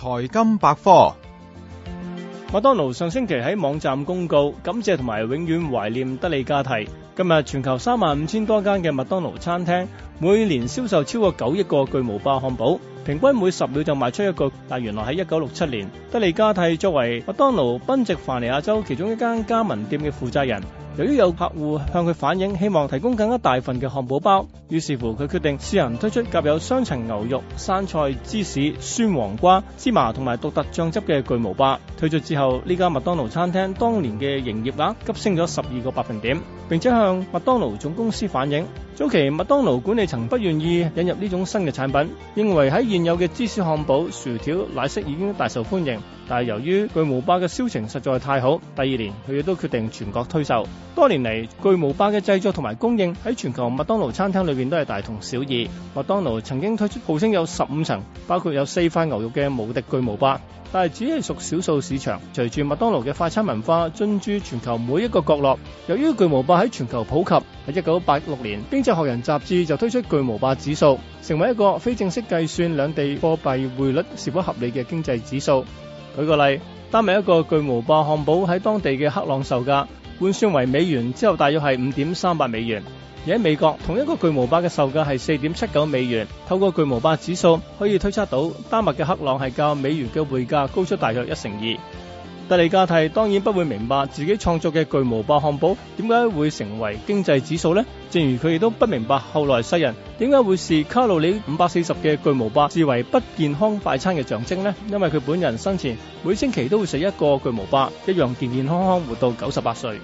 財金百科。麥當勞上星期喺網站公告，感謝同埋永遠懷念德利加蒂。今日全球三萬五千多間嘅麥當勞餐廳，每年銷售超過九億個巨無霸漢堡。平均每十秒就賣出一個，但原來喺一九六七年，德利加蒂作為麥當勞賓夕凡尼亞州其中一間加盟店嘅負責人，由於有客戶向佢反映希望提供更加大份嘅漢堡包，於是乎佢決定試行推出夾有雙層牛肉、生菜、芝士、酸黃瓜、芝麻同埋獨特醬汁嘅巨無霸。推出之後，呢間麥當勞餐廳當年嘅營業額急升咗十二個百分點，並且向麥當勞總公司反映。早期麥當勞管理層不願意引入呢種新嘅產品，認為喺現有嘅芝士漢堡、薯條、奶昔已經大受歡迎。但係由於巨無霸嘅銷情實在太好，第二年佢亦都決定全國推售。多年嚟，巨無霸嘅製作同埋供應喺全球麥當勞餐廳裏邊都係大同小異。麥當勞曾經推出號稱有十五層，包括有四塊牛肉嘅無敵巨無霸。但係只係屬少數市場。隨住麥當勞嘅快餐文化進駐全球每一個角落，由於巨無霸喺全球普及，喺一九八六年，《經濟學人》雜誌就推出巨無霸指數，成為一個非正式計算兩地貨幣匯率是否合理嘅經濟指數。舉個例。丹麥一個巨無霸漢堡喺當地嘅克朗售價換算為美元之後，大約係五點三八美元。而喺美國同一個巨無霸嘅售價係四點七九美元。透過巨無霸指數，可以推測到丹麥嘅克朗係較美元嘅匯價高出大約一成二。德利加蒂當然不會明白自己創作嘅巨無霸漢堡點解會成為經濟指數呢？正如佢亦都不明白後來世人點解會視卡路里五百四十嘅巨無霸視為不健康快餐嘅象徵呢？因為佢本人生前每星期都會食一個巨無霸，一樣健健康康活到九十八歲。